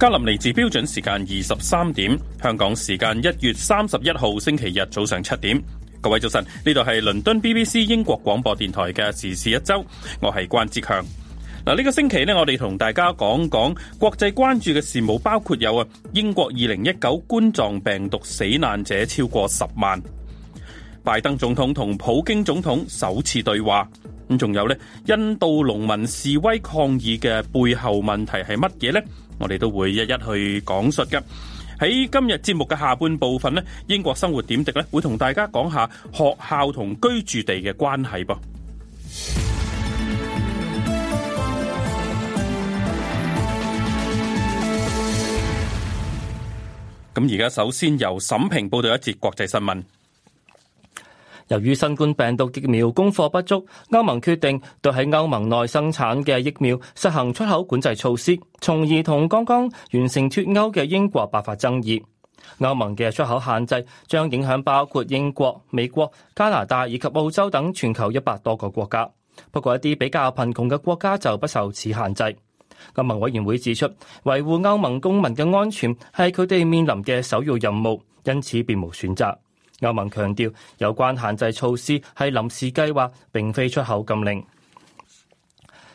格林尼治標準時間二十三點，香港時間一月三十一號星期日早上七點。各位早晨，呢度係倫敦 BBC 英國廣播電台嘅時事一周，我係關志強。嗱，呢個星期咧，我哋同大家講講國際關注嘅事務，包括有啊，英國二零一九冠狀病毒死難者超過十萬；拜登總統同普京總統首次對話，咁仲有呢，印度農民示威抗議嘅背後問題係乜嘢呢？我哋都會一一去講述嘅。喺今日節目嘅下半部分咧，英國生活點滴咧會同大家講下學校同居住地嘅關係噃。噉，而家首先由沈平報道一節國際新聞。由於新冠病毒疫苗供貨不足，歐盟決定對喺歐盟內生產嘅疫苗實行出口管制措施，從而同剛剛完成脫歐嘅英國爆發爭議。歐盟嘅出口限制將影響包括英國、美國、加拿大以及澳洲等全球一百多個國家。不過一啲比較貧窮嘅國家就不受此限制。歐盟委員會指出，維護歐盟公民嘅安全係佢哋面臨嘅首要任務，因此別無選擇。歐盟強調有關限制措施係臨時計劃，並非出口禁令。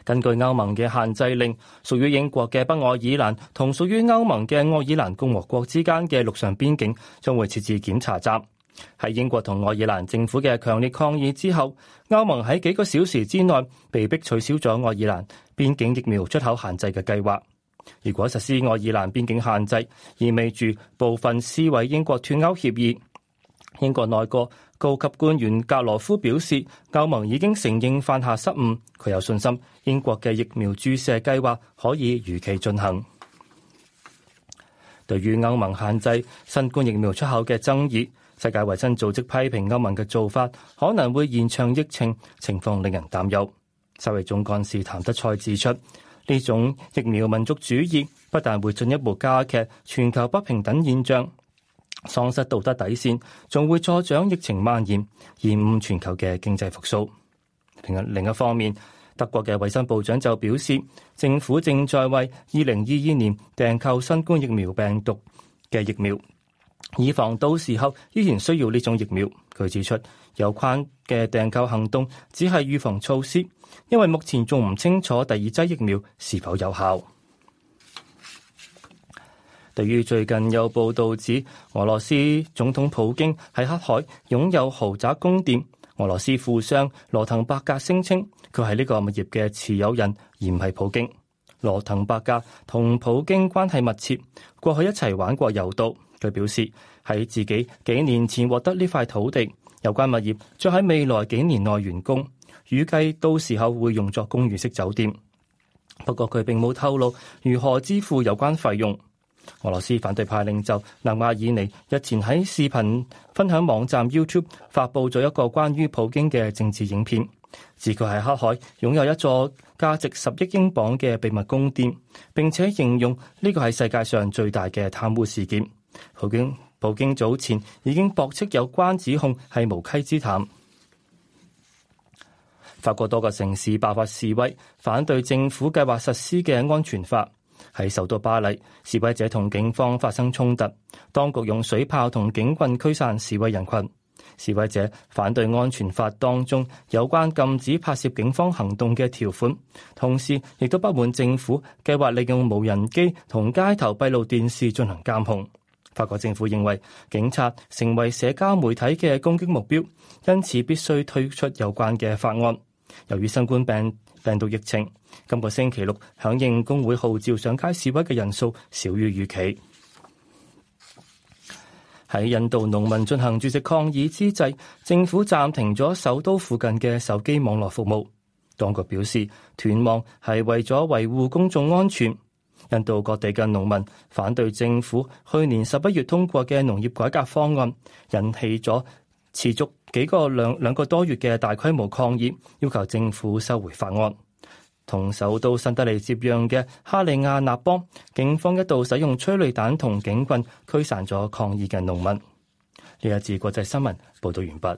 根據歐盟嘅限制令，屬於英國嘅北愛爾蘭同屬於歐盟嘅愛爾蘭共和國之間嘅陸上邊境將會設置檢查站。喺英國同愛爾蘭政府嘅強烈抗議之後，歐盟喺幾個小時之內被迫取消咗愛爾蘭邊境疫苗出口限制嘅計劃。如果實施愛爾蘭邊境限制，意味住部分撕毀英國脫歐協議。英國內閣高級官員格羅夫表示，歐盟已經承認犯下失誤，佢有信心英國嘅疫苗注射計劃可以如期進行。對於歐盟限制新冠疫苗出口嘅爭議，世界衛生組織批評歐盟嘅做法可能會延長疫情，情況令人擔憂。世衛總幹事譚德賽指出，呢種疫苗民族主義不但會進一步加劇全球不平等現象，喪失道德底線，仲會助長疫情蔓延，延誤全球嘅經濟復甦。另一另一方面，德國嘅衛生部長就表示，政府正在為二零二一年訂購新冠疫苗病毒嘅疫苗，以防到時候依然需要呢種疫苗。佢指出，有關嘅訂購行動只係預防措施，因為目前仲唔清楚第二劑疫苗是否有效。對於最近有報道指俄羅斯總統普京喺黑海擁有豪宅宮殿，俄羅斯富商羅滕伯格聲稱佢係呢個物業嘅持有人，而唔係普京。羅滕伯格同普京關係密切，過去一齊玩過柔道。佢表示喺自己幾年前獲得呢塊土地，有關物業將喺未來幾年內完工，預計到時候會用作公寓式酒店。不過佢並冇透露如何支付有關費用。俄羅斯反對派領袖納瓦爾尼日前喺視頻分享網站 YouTube 發佈咗一個關於普京嘅政治影片，指佢喺黑海擁有一座價值十億英鎊嘅秘密宮殿，並且形容呢個係世界上最大嘅貪污事件。普京普京早前已經駁斥有關指控係無稽之談。法國多個城市爆發示威，反對政府計劃實施嘅安全法。喺首都巴黎，示威者同警方發生衝突，當局用水炮同警棍驅散示威人群。示威者反對安全法當中有關禁止拍攝警方行動嘅條款，同時亦都不滿政府計劃利用無人機同街頭閉路電視進行監控。法國政府認為警察成為社交媒體嘅攻擊目標，因此必須推出有關嘅法案。由於新冠病，病毒疫情。今個星期六，響應工會號召上街示威嘅人數少於預期。喺印度農民進行絕食抗議之際，政府暫停咗首都附近嘅手機網絡服務。當局表示，斷網係為咗維護公眾安全。印度各地嘅農民反對政府去年十一月通過嘅農業改革方案，引起咗持續幾個兩兩個多月嘅大規模抗議，要求政府收回法案。同首都新德里接壤嘅哈利亞納邦警方一度使用催淚彈同警棍驅散咗抗議嘅農民。呢一次國際新聞報道完畢。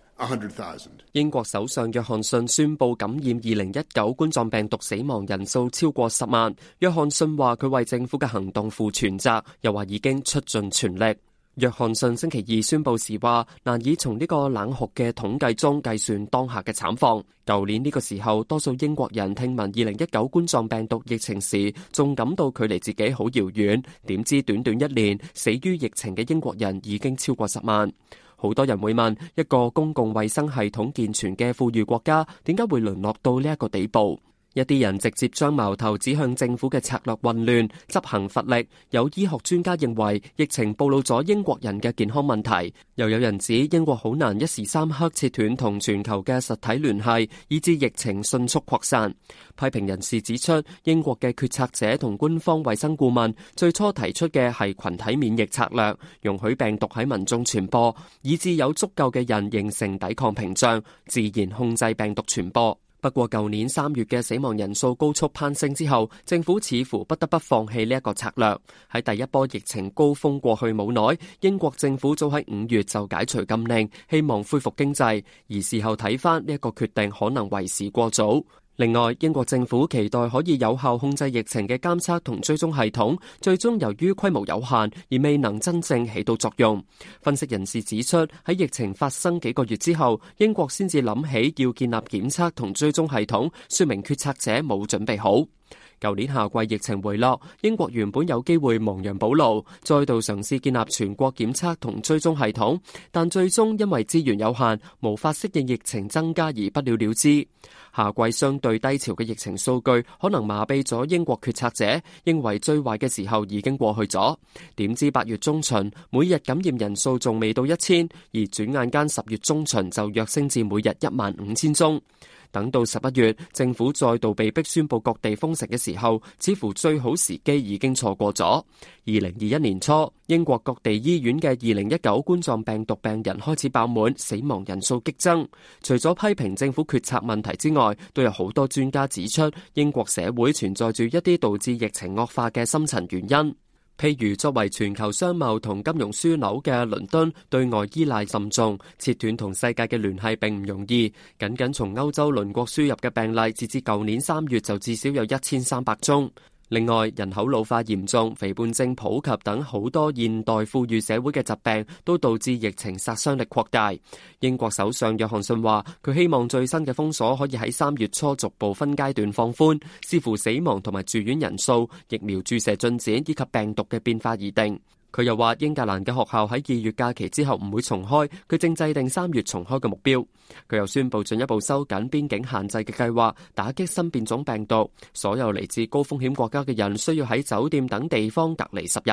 英國首相約翰遜宣布感染二零一九冠狀病毒死亡人數超過十萬。約翰遜話佢為政府嘅行動負全責，又話已經出盡全力。約翰遜星,星期二宣布時話，難以從呢個冷酷嘅統計中計算當下嘅慘況。舊年呢個時候，多數英國人聽聞二零一九冠狀病毒疫情時，仲感到距離自己好遙遠。點知短短一年，死於疫情嘅英國人已經超過十萬。好多人會問，一個公共衛生系統健全嘅富裕國家，點解會淪落到呢一個地步？一啲人直接將矛頭指向政府嘅策略混亂、執行乏力。有醫學專家認為，疫情暴露咗英國人嘅健康問題。又有人指英國好難一時三刻切斷同全球嘅實體聯繫，以致疫情迅速擴散。批評人士指出，英國嘅決策者同官方衛生顧問最初提出嘅係群體免疫策略，容許病毒喺民眾傳播，以致有足夠嘅人形成抵抗屏障，自然控制病毒傳播。不過，舊年三月嘅死亡人數高速攀升之後，政府似乎不得不放棄呢一個策略。喺第一波疫情高峰過去冇耐，英國政府早喺五月就解除禁令，希望恢復經濟。而事後睇返呢一個決定，可能為時過早。另外，英國政府期待可以有效控制疫情嘅監測同追蹤系統，最終由於規模有限而未能真正起到作用。分析人士指出，喺疫情發生幾個月之後，英國先至諗起要建立檢測同追蹤系統，說明決策者冇準備好。舊年夏季疫情回落，英國原本有機會亡羊補牢，再度嘗試建立全國檢測同追蹤系統，但最終因為資源有限，無法適應疫情增加而不了了之。夏季相對低潮嘅疫情數據，可能麻痹咗英國決策者，認為最壞嘅時候已經過去咗。點知八月中旬，每日感染人數仲未到一千，而轉眼間十月中旬就躍升至每日一萬五千宗。等到十一月，政府再度被逼宣布各地封城嘅時候，似乎最好時機已經錯過咗。二零二一年初，英國各地醫院嘅二零一九冠狀病毒病人開始爆滿，死亡人數激增。除咗批評政府決策問題之外，都有好多專家指出，英國社會存在住一啲導致疫情惡化嘅深層原因。譬如作為全球商貿同金融樞紐嘅倫敦，對外依賴甚重，切斷同世界嘅聯繫並唔容易。僅僅從歐洲鄰國輸入嘅病例，截至舊年三月就至少有一千三百宗。另外，人口老化嚴重、肥胖症普及等好多現代富裕社會嘅疾病，都導致疫情殺傷力擴大。英國首相約翰遜話，佢希望最新嘅封鎖可以喺三月初逐步分階段放寬，視乎死亡同埋住院人數、疫苗注射進展以及病毒嘅變化而定。佢又話英格蘭嘅學校喺二月假期之後唔會重開，佢正制定三月重開嘅目標。佢又宣布進一步收緊邊境限制嘅計劃，打擊新變種病毒。所有嚟自高風險國家嘅人需要喺酒店等地方隔離十日。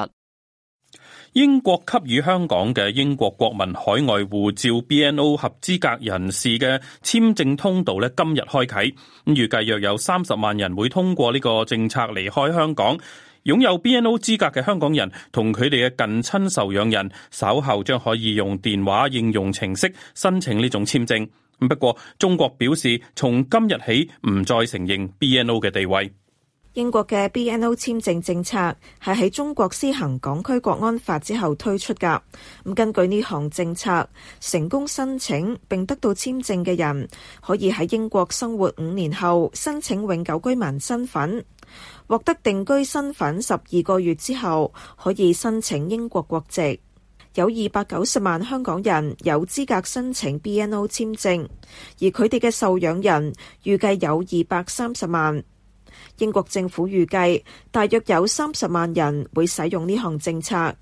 英國給予香港嘅英國國民海外護照 BNO 合資格人士嘅簽證通道咧，今日開啟，咁預計約有三十萬人會通過呢個政策離開香港。擁有 BNO 資格嘅香港人同佢哋嘅近親受養人，稍後將可以用電話應用程式申請呢種簽證。不過，中國表示從今日起唔再承認 BNO 嘅地位。英國嘅 BNO 簽證政策係喺中國施行港區國安法之後推出噶。咁根據呢項政策，成功申請並得到簽證嘅人，可以喺英國生活五年後申請永久居民身份。獲得定居身份十二個月之後，可以申請英國國籍。有二百九十萬香港人有資格申請 BNO 簽證，而佢哋嘅受養人預計有二百三十萬。英國政府預計大約有三十萬人會使用呢項政策。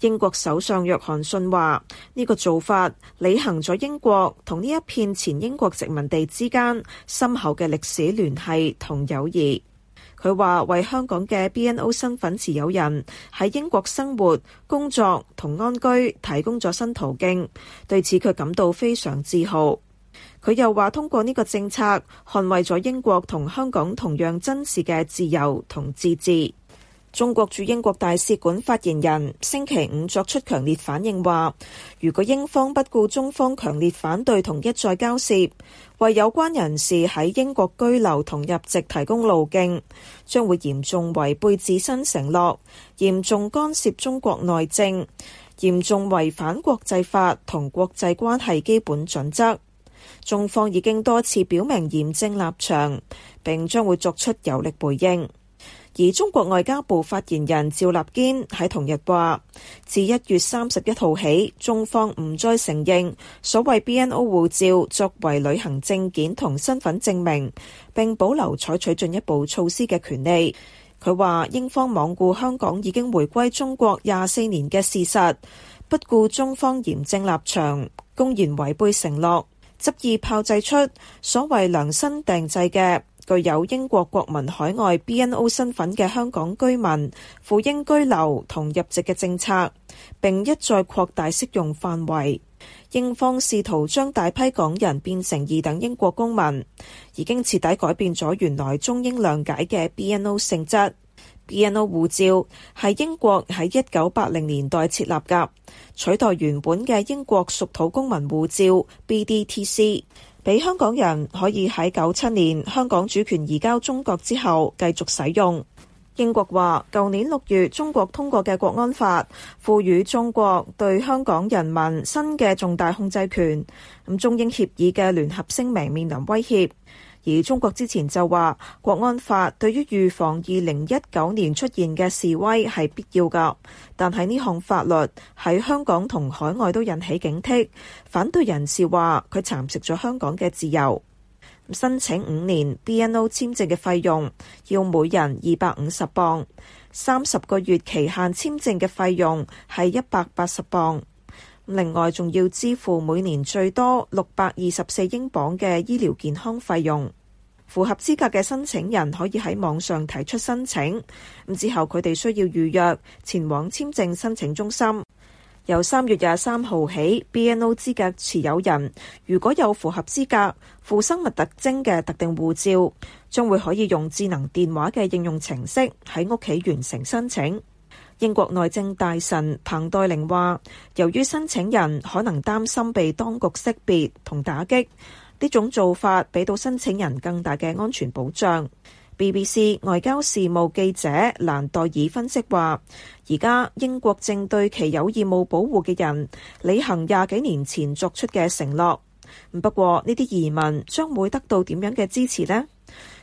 英國首相約翰遜話：呢個做法履行咗英國同呢一片前英國殖民地之間深厚嘅歷史聯繫同友誼。佢話為香港嘅 BNO 身份持有人喺英國生活、工作同安居提供咗新途徑，對此佢感到非常自豪。佢又話通過呢個政策捍衛咗英國同香港同樣真實嘅自由同自治。中國駐英國大使館發言人星期五作出強烈反應，話如果英方不顧中方強烈反對同一再交涉，為有關人士喺英國居留同入籍提供路徑，將會嚴重違背自身承諾，嚴重干涉中國內政，嚴重違反國際法同國際關係基本準則。中方已經多次表明嚴正立場，並將會作出有力回應。而中國外交部發言人趙立堅喺同日話：自一月三十一號起，中方唔再承認所謂 BNO 護照作為旅行證件同身份證明，並保留採取進一步措施嘅權利。佢話：英方罔顧香港已經回歸中國廿四年嘅事實，不顧中方嚴正立場，公然違背承諾，執意炮製出所謂量身定制嘅具有英國國民海外 BNO 身份嘅香港居民，赴英居留同入籍嘅政策，並一再擴大適用範圍。英方試圖將大批港人變成二等英國公民，已經徹底改變咗原來中英諒解嘅 BNO 性質。BNO 護照係英國喺一九八零年代設立㗎，取代原本嘅英國屬土公民護照 BDTC。俾香港人可以喺九七年香港主權移交中國之後繼續使用。英國話，舊年六月中國通過嘅國安法，賦予中國對香港人民新嘅重大控制權。咁中英協議嘅聯合聲明面臨威脅。而中國之前就話，國安法對於預防二零一九年出現嘅示威係必要噶。但喺呢項法律喺香港同海外都引起警惕，反對人士話佢蠶食咗香港嘅自由。申請五年 BNO 簽證嘅費用要每人二百五十磅，三十個月期限簽證嘅費用係一百八十磅。另外，仲要支付每年最多六百二十四英鎊嘅醫療健康費用。符合資格嘅申請人可以喺網上提出申請，咁之後佢哋需要預約前往簽證申請中心。由三月廿三號起，BNO 資格持有人如果有符合資格附生物特徵嘅特定護照，將會可以用智能電話嘅應用程式喺屋企完成申請。英國內政大臣彭黛玲話，由於申請人可能擔心被當局識別同打擊，呢種做法俾到申請人更大嘅安全保障。BBC 外交事務記者蘭代爾分析話，而家英國正對其有義務保護嘅人，履行廿幾年前作出嘅承諾。不過，呢啲移民將會得到點樣嘅支持呢？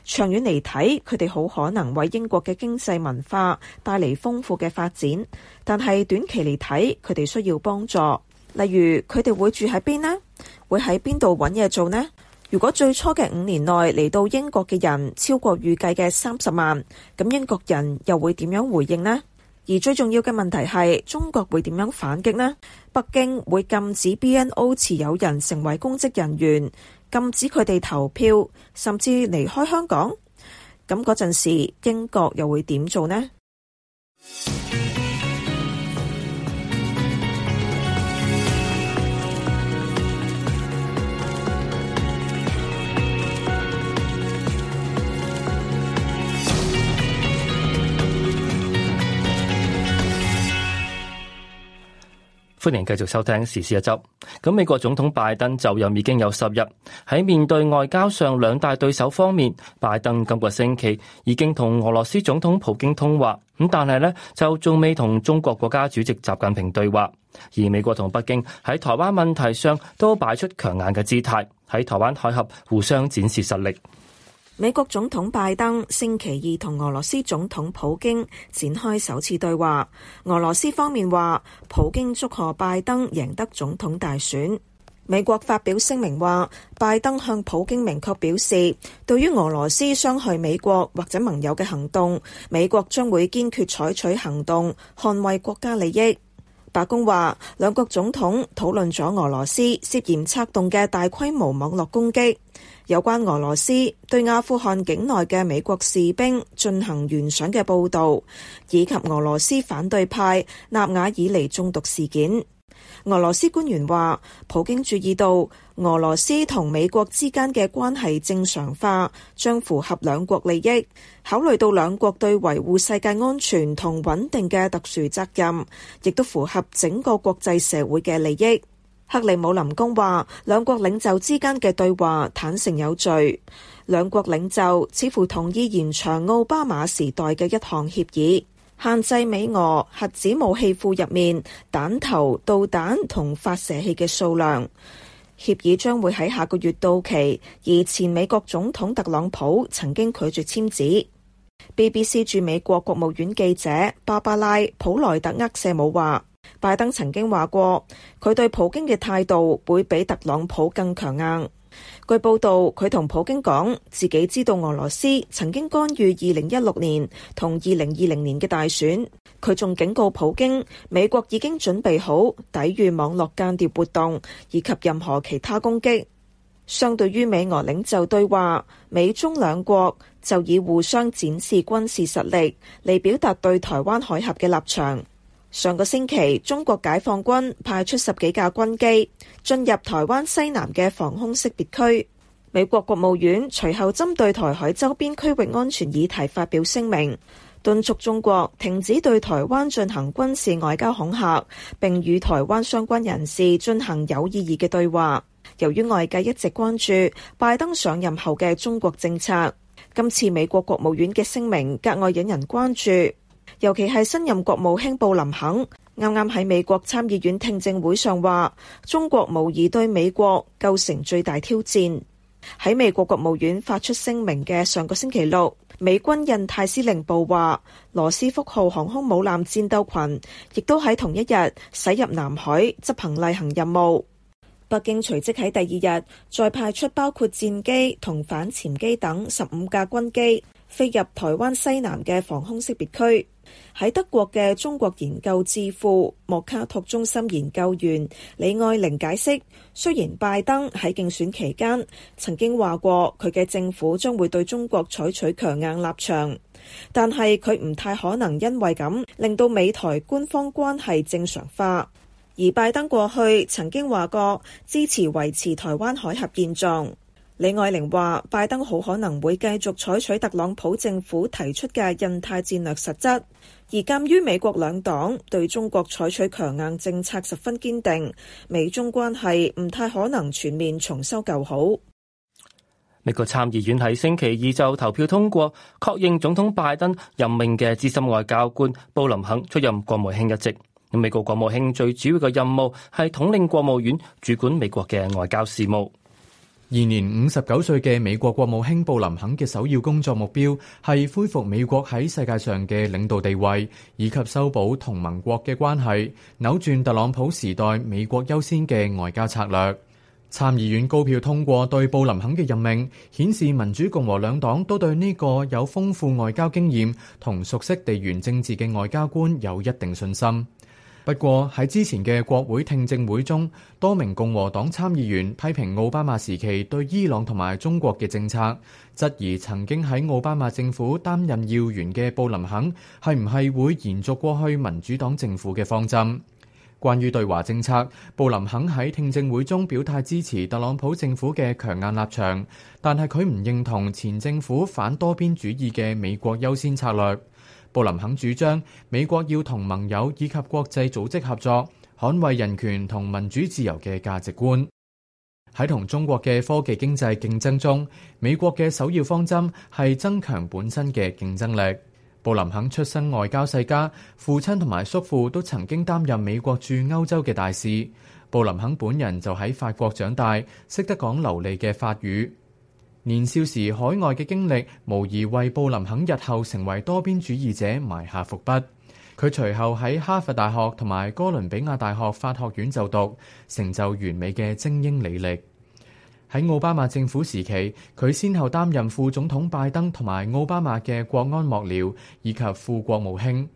長遠嚟睇，佢哋好可能為英國嘅經濟文化帶嚟豐富嘅發展，但係短期嚟睇，佢哋需要幫助。例如，佢哋會住喺邊呢？會喺邊度揾嘢做呢？如果最初嘅五年內嚟到英國嘅人超過預計嘅三十萬，咁英國人又會點樣回應呢？而最重要嘅問題係中國會點樣反擊呢？北京會禁止 BNO 持有人成為公職人員。禁止佢哋投票，甚至離開香港，咁嗰陣時，英國又會點做呢？歡迎繼續收聽時事一周。咁美國總統拜登就任已經有十日，喺面對外交上兩大對手方面，拜登今個星期已經同俄羅斯總統普京通話，咁但係咧就仲未同中國國家主席習近平對話。而美國同北京喺台灣問題上都擺出強硬嘅姿態，喺台灣海峽互相展示實力。美國總統拜登星期二同俄羅斯總統普京展開首次對話。俄羅斯方面話，普京祝賀拜登贏得總統大選。美國發表聲明話，拜登向普京明確表示，對於俄羅斯傷害美國或者盟友嘅行動，美國將會堅決採取行動捍衛國家利益。白宮話，兩國總統討論咗俄羅斯涉嫌策動嘅大規模網絡攻擊，有關俄羅斯對阿富汗境內嘅美國士兵進行懸賞嘅報道，以及俄羅斯反對派納瓦爾尼中毒事件。俄羅斯官員話：普京注意到俄羅斯同美國之間嘅關係正常化將符合兩國利益，考慮到兩國對維護世界安全同穩定嘅特殊責任，亦都符合整個國際社會嘅利益。克里姆林宮話，兩國領袖之間嘅對話坦誠有序。兩國領袖似乎同意延長奧巴馬時代嘅一項協議。限制美俄核子武器庫入面彈頭導彈同發射器嘅數量協議將會喺下個月到期，而前美國總統特朗普曾經拒絕簽字。BBC 駐美國國務院記者巴巴拉普萊特厄舍姆話：拜登曾經話過，佢對普京嘅態度會比特朗普更強硬。據報道，佢同普京講自己知道俄羅斯曾經干預二零一六年同二零二零年嘅大選。佢仲警告普京，美國已經準備好抵禦網絡間諜活動以及任何其他攻擊。相對於美俄領袖對話，美中兩國就以互相展示軍事實力嚟表達對台灣海峽嘅立場。上個星期，中國解放軍派出十幾架軍機進入台灣西南嘅防空識別區。美國國務院隨後針對台海周邊區域安全議題發表聲明，敦促中國停止對台灣進行軍事外交恐嚇，並與台灣相關人士進行有意義嘅對話。由於外界一直關注拜登上任後嘅中國政策，今次美國國務院嘅聲明格外引人關注。尤其係新任國務卿布林肯啱啱喺美國參議院聽證會上話，中國無疑對美國構成最大挑戰。喺美國國務院發出聲明嘅上個星期六，美軍印太司令部話，羅斯福號航空母艦戰鬥群亦都喺同一日駛入南海執行例行任務。北京隨即喺第二日再派出包括戰機同反潛機等十五架軍機飛入台灣西南嘅防空識別區。喺德國嘅中國研究智庫莫卡托中心研究員李愛玲解釋：雖然拜登喺競選期間曾經話過佢嘅政府將會對中國採取強硬立場，但係佢唔太可能因為咁令到美台官方關係正常化。而拜登過去曾經話過支持維持台灣海峽現狀。李愛玲話：拜登好可能會繼續採取特朗普政府提出嘅印太戰略實質，而鑒於美國兩黨對中國採取強硬政策十分堅定，美中關係唔太可能全面重修舊好。美國參議院喺星期二就投票通過，確認總統拜登任命嘅資深外交官布林肯出任國務卿一職。美國國務卿最主要嘅任務係統領國務院主管美國嘅外交事務。現年五十九歲嘅美國國務卿布林肯嘅首要工作目標係恢復美國喺世界上嘅領導地位，以及修補同盟國嘅關係，扭轉特朗普時代美國優先嘅外交策略。參議院高票通過對布林肯嘅任命，顯示民主共和兩黨都對呢個有豐富外交經驗同熟悉地緣政治嘅外交官有一定信心。不過喺之前嘅國會聽證會中，多名共和黨參議員批評奧巴馬時期對伊朗同埋中國嘅政策，質疑曾經喺奧巴馬政府擔任要員嘅布林肯係唔係會延續過去民主黨政府嘅方針。關於對華政策，布林肯喺聽證會中表態支持特朗普政府嘅強硬立場，但係佢唔認同前政府反多邊主義嘅美國優先策略。布林肯主張美國要同盟友以及國際組織合作，捍衞人權同民主自由嘅價值觀。喺同中國嘅科技經濟競爭中，美國嘅首要方針係增強本身嘅競爭力。布林肯出身外交世家，父親同埋叔父都曾經擔任美國駐歐洲嘅大使。布林肯本人就喺法國長大，識得講流利嘅法語。年少時海外嘅經歷，無疑為布林肯日後成為多邊主義者埋下伏筆。佢隨後喺哈佛大學同埋哥倫比亞大學法學院就讀，成就完美嘅精英履歷。喺奧巴馬政府時期，佢先後擔任副總統拜登同埋奧巴馬嘅國安幕僚以及副國務卿。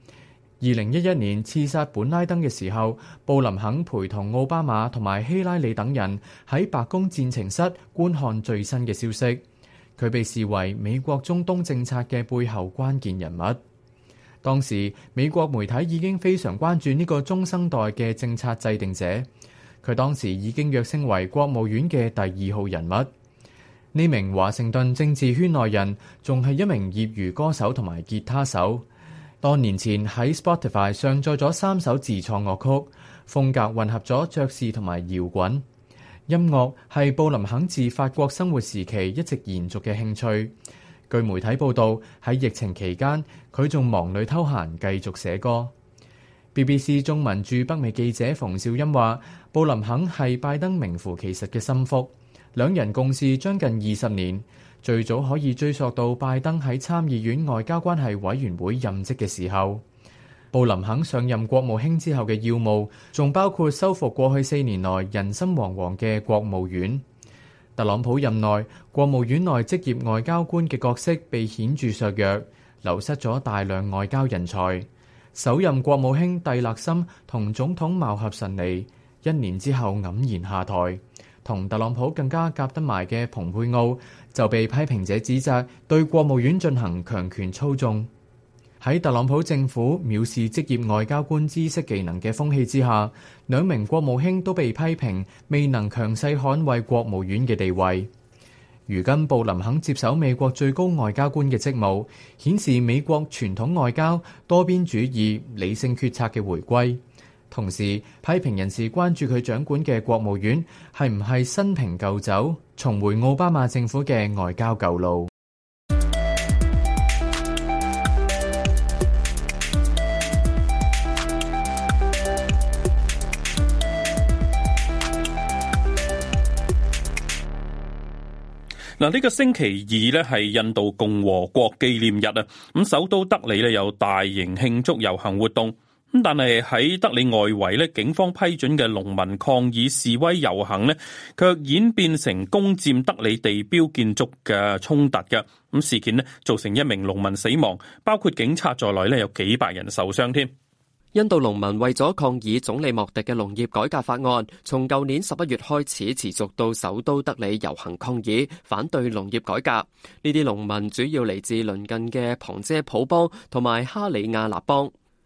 二零一一年刺殺本拉登嘅時候，布林肯陪同奧巴馬同埋希拉里等人喺白宮戰情室觀看最新嘅消息。佢被視為美國中東政策嘅背後關鍵人物。當時美國媒體已經非常關注呢個中生代嘅政策制定者。佢當時已經躍升為國務院嘅第二號人物。呢名華盛頓政治圈內人仲係一名業餘歌手同埋吉他手。多年前喺 Spotify 上載咗三首自創樂曲，風格混合咗爵士同埋搖滾。音樂係布林肯自法國生活時期一直延續嘅興趣。據媒體報道，喺疫情期間，佢仲忙裏偷閒繼續寫歌。BBC 中文駐北美記者馮兆音話：布林肯係拜登名副其實嘅心腹，兩人共事將近二十年。最早可以追溯到拜登喺參議院外交關係委員會任職嘅時候。布林肯上任國務卿之後嘅要務，仲包括修復過去四年來人心惶惶嘅國務院。特朗普任內，國務院內職業外交官嘅角色被顯著削弱，流失咗大量外交人才。首任國務卿蒂勒森同總統貌合神離，一年之後黯然下台。同特朗普更加夾得埋嘅蓬佩奧，就被批評者指責對國務院進行強權操縱。喺特朗普政府藐視職業外交官知識技能嘅風氣之下，兩名國務卿都被批評未能強勢捍衞國務院嘅地位。如今布林肯接手美國最高外交官嘅職務，顯示美國傳統外交多邊主義理性決策嘅回歸。同時，批評人士關注佢掌管嘅國務院係唔係新瓶舊酒。重回奧巴馬政府嘅外交舊路。嗱，呢個星期二咧，係印度共和國紀念日啊！咁首都德里咧有大型慶祝遊行活動。咁但係喺德里外圍咧，警方批准嘅農民抗議示威遊行咧，卻演變成攻占德里地標建築嘅衝突嘅。咁事件咧造成一名農民死亡，包括警察在內咧有幾百人受傷添。印度農民為咗抗議總理莫迪嘅農業改革法案，從舊年十一月開始持續到首都德里遊行抗議，反對農業改革。呢啲農民主要嚟自鄰近嘅旁遮普邦同埋哈里亞納邦。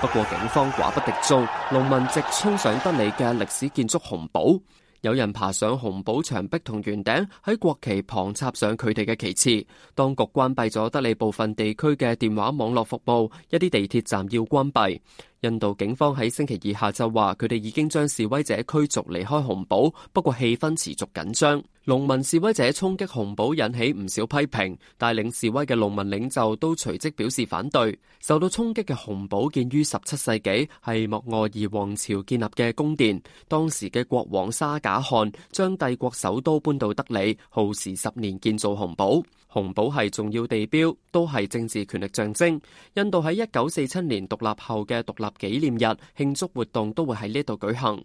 不過警方寡不敵眾，農民直衝上德里嘅歷史建築紅堡，有人爬上紅堡牆壁同圓頂，喺國旗旁插上佢哋嘅旗幟。當局關閉咗德里部分地區嘅電話網絡服務，一啲地鐵站要關閉。印度警方喺星期二下晝話，佢哋已經將示威者驅逐離開紅堡，不過氣氛持續緊張。農民示威者衝擊紅堡引起唔少批評，帶領示威嘅農民領袖都隨即表示反對。受到衝擊嘅紅堡建於十七世紀，係莫卧兒王朝建立嘅宮殿。當時嘅國王沙賈汗將帝國首都搬到德里，耗時十年建造紅堡。紅堡係重要地標，都係政治權力象徵。印度喺一九四七年獨立後嘅獨立紀念日慶祝活動都會喺呢度舉行。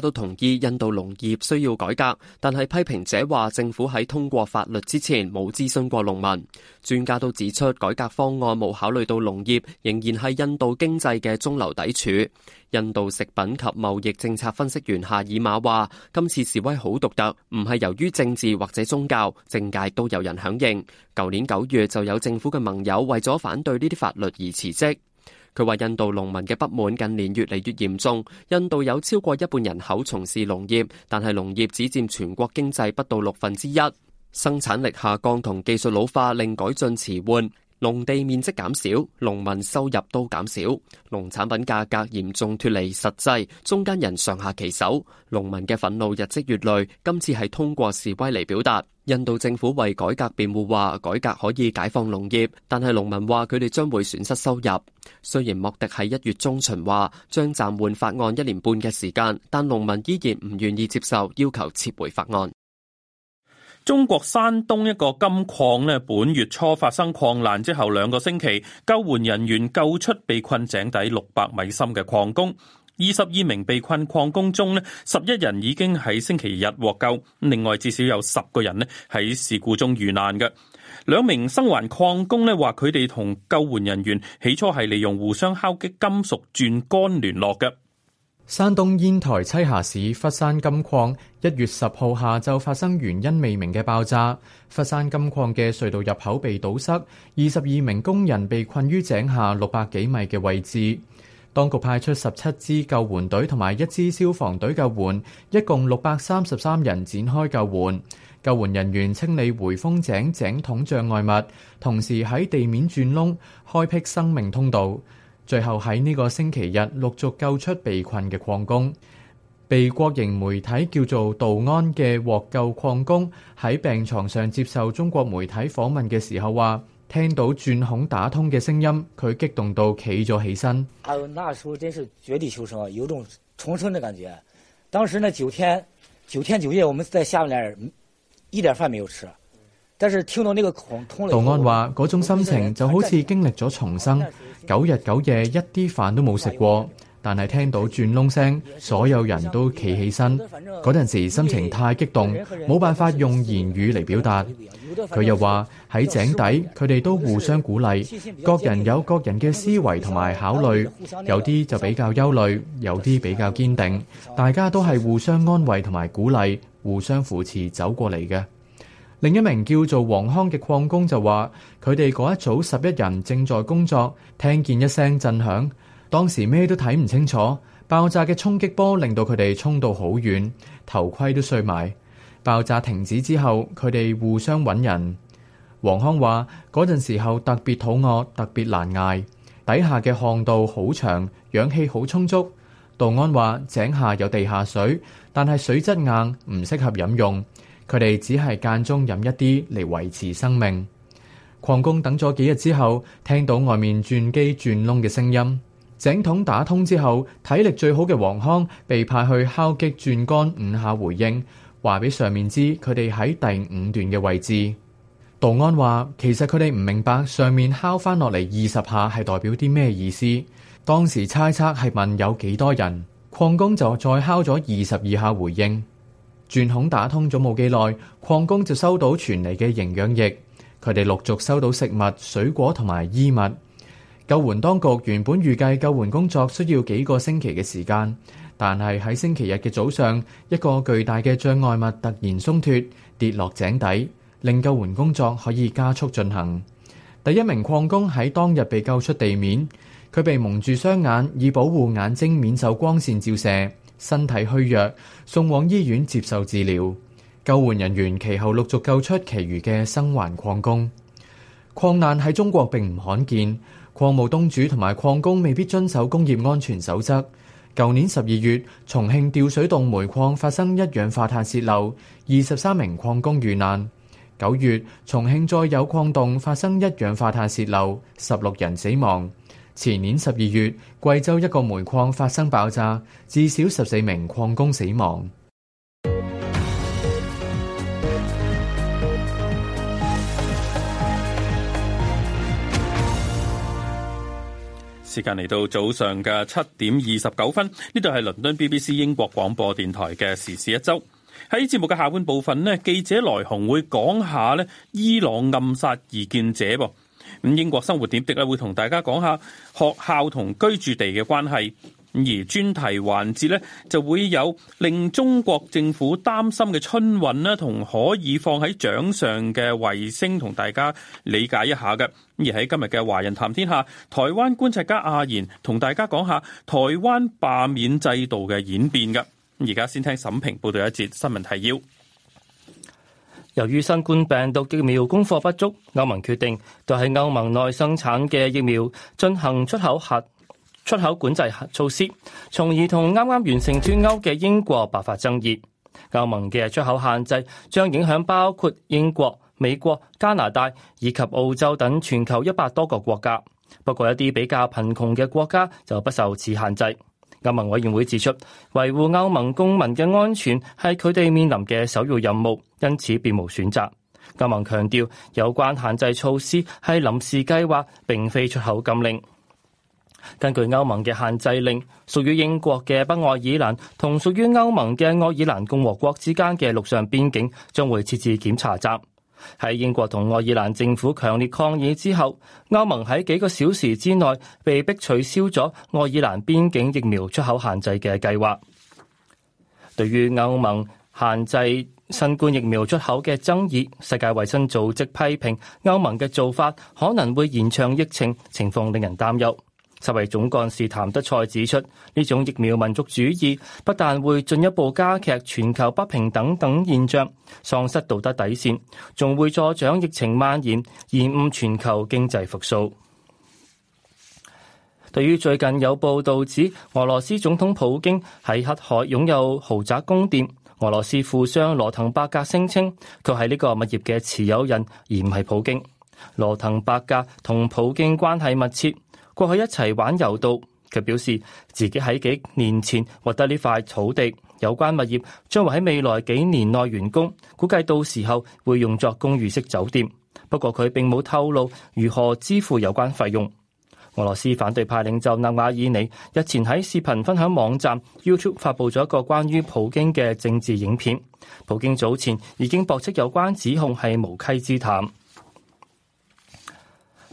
都同意印度農業需要改革，但係批評者話政府喺通過法律之前冇諮詢過農民。專家都指出，改革方案冇考慮到農業仍然係印度經濟嘅中流砥柱。印度食品及貿易政策分析員夏爾馬話，今次示威好獨特，唔係由於政治或者宗教，政界都有人響應。舊年九月就有政府嘅盟友為咗反對呢啲法律而辭職。佢話：印度農民嘅不滿近年越嚟越嚴重。印度有超過一半人口從事農業，但係農業只佔全國經濟不到六分之一，生產力下降同技術老化令改進遲緩。農地面積減少，農民收入都減少，農產品價格嚴重脫離實際，中間人上下其手，農民嘅憤怒日積月累，今次係通過示威嚟表達。印度政府為改革辯護話改革可以解放農業，但係農民話佢哋將會損失收入。雖然莫迪喺一月中旬話將暫緩法案一年半嘅時間，但農民依然唔願意接受要求撤回法案。中國山東一個金礦咧，本月初發生礦難之後，兩個星期救援人員救出被困井底六百米深嘅礦工。二十二名被困礦工中咧，十一人已經喺星期日獲救，另外至少有十個人咧喺事故中遇難嘅。兩名生還礦工咧話，佢哋同救援人員起初係利用互相敲擊金屬鑽桿聯絡嘅。山東煙台棲霞市佛山金礦一月十號下晝發生原因未明嘅爆炸，佛山金礦嘅隧道入口被堵塞，二十二名工人被困於井下六百幾米嘅位置。當局派出十七支救援隊同埋一支消防隊救援，一共六百三十三人展開救援。救援人員清理回風井井筒障礙物，物，同時喺地面轉窿開闢生命通道。最後喺呢個星期日陸續救出被困嘅礦工，被國營媒體叫做道安嘅獲救礦工喺病床上接受中國媒體訪問嘅時候話：聽到鑽孔打通嘅聲音，佢激動到企咗起身。那時候真是絕地求生，有種重生的感覺。當時呢，九天九天九夜，我們在下面一點飯沒有吃。但是聽到那個孔通了以後，道安話：嗰種心情就好似經歷咗重生。九日九夜一啲飯都冇食過，但係聽到轉窿聲，所有人都企起身。嗰陣時心情太激動，冇辦法用言語嚟表達，佢又話，喺井底，佢哋都互相鼓勵，各人有各人嘅思維同埋考慮，有啲就比較憂慮，有啲比較堅定，大家都係互相安慰同埋鼓勵，互相扶持走過嚟嘅。另一名叫做黃康嘅礦工就話：佢哋嗰一組十一人正在工作，聽見一聲震響，當時咩都睇唔清楚。爆炸嘅衝擊波令到佢哋衝到好遠，頭盔都碎埋。爆炸停止之後，佢哋互相揾人。黃康話：嗰陣時候特別肚餓，特別難捱。底下嘅巷道好長，氧氣好充足。道安話：井下有地下水，但係水質硬，唔適合飲用。佢哋只係間中飲一啲嚟維持生命。礦工等咗幾日之後，聽到外面轉機轉窿嘅聲音，井筒打通之後，體力最好嘅黃康被派去敲擊鑽桿五下回應，話俾上面知佢哋喺第五段嘅位置。道安話，其實佢哋唔明白上面敲翻落嚟二十下係代表啲咩意思，當時猜測係問有幾多人。礦工就再敲咗二十二下回應。鑽孔打通咗冇幾耐，礦工就收到傳嚟嘅營養液，佢哋陸續收到食物、水果同埋衣物。救援當局原本預計救援工作需要幾個星期嘅時間，但係喺星期日嘅早上，一個巨大嘅障礙物突然鬆脫，跌落井底，令救援工作可以加速進行。第一名礦工喺當日被救出地面，佢被蒙住雙眼，以保護眼睛免受光線照射。身體虛弱，送往醫院接受治療。救援人員其後陸續救出其餘嘅生還礦工。礦難喺中國並唔罕見，礦務東主同埋礦工未必遵守工業安全守則。舊年十二月，重慶吊水洞煤礦發生一氧化碳洩漏，二十三名礦工遇難。九月，重慶再有礦洞發生一氧化碳洩漏，十六人死亡。前年十二月，貴州一個煤礦發生爆炸，至少十四名礦工死亡。時間嚟到早上嘅七點二十九分，呢度係倫敦 BBC 英國廣播電台嘅時事一周。喺節目嘅下半部分呢，記者來鴻會講下咧伊朗暗殺異見者噃。咁英國生活點滴咧，會同大家講下學校同居住地嘅關係。而專題環節咧，就會有令中國政府擔心嘅春運咧，同可以放喺掌上嘅衛星，同大家理解一下嘅。而喺今日嘅華人談天下，台灣觀察家阿言同大家講下台灣罷免制度嘅演變嘅。而家先聽沈平報道一節新聞提要。由於新冠病毒疫苗供貨不足，歐盟決定對喺歐盟內生產嘅疫苗進行出口核出口管制核措施，從而同啱啱完成脫歐嘅英國爆發爭議。歐盟嘅出口限制將影響包括英國、美國、加拿大以及澳洲等全球一百多個國家。不過，一啲比較貧窮嘅國家就不受此限制。歐盟委員會指出，維護歐盟公民嘅安全係佢哋面臨嘅首要任務，因此別無選擇。歐盟強調有關限制措施係臨時計劃，並非出口禁令。根據歐盟嘅限制令，屬於英國嘅北愛爾蘭同屬於歐盟嘅愛爾蘭共和國之間嘅陸上邊境將會設置檢查站。喺英國同愛爾蘭政府強烈抗議之後，歐盟喺幾個小時之內被迫取消咗愛爾蘭邊境疫苗出口限制嘅計劃。對於歐盟限制新冠疫苗出口嘅爭議，世界衛生組織批評歐盟嘅做法可能會延長疫情，情況令人擔憂。作為總幹事，譚德塞指出，呢種疫苗民族主義不但會進一步加劇全球不平等等現象，喪失道德底線，仲會助長疫情蔓延，延誤全球經濟復甦。對於最近有報道指俄羅斯總統普京喺黑海擁有豪宅宮殿，俄羅斯富商羅滕伯格聲稱佢係呢個物業嘅持有人，而唔係普京。羅滕伯格同普京關係密切。過去一齊玩遊渡，佢表示自己喺幾年前獲得呢塊土地，有關物業將會喺未來幾年內完工，估計到時候會用作公寓式酒店。不過佢並冇透露如何支付有關費用。俄羅斯反對派領袖納瓦爾尼日前喺視頻分享網站 YouTube 發布咗一個關於普京嘅政治影片，普京早前已經駁斥有關指控係無稽之談。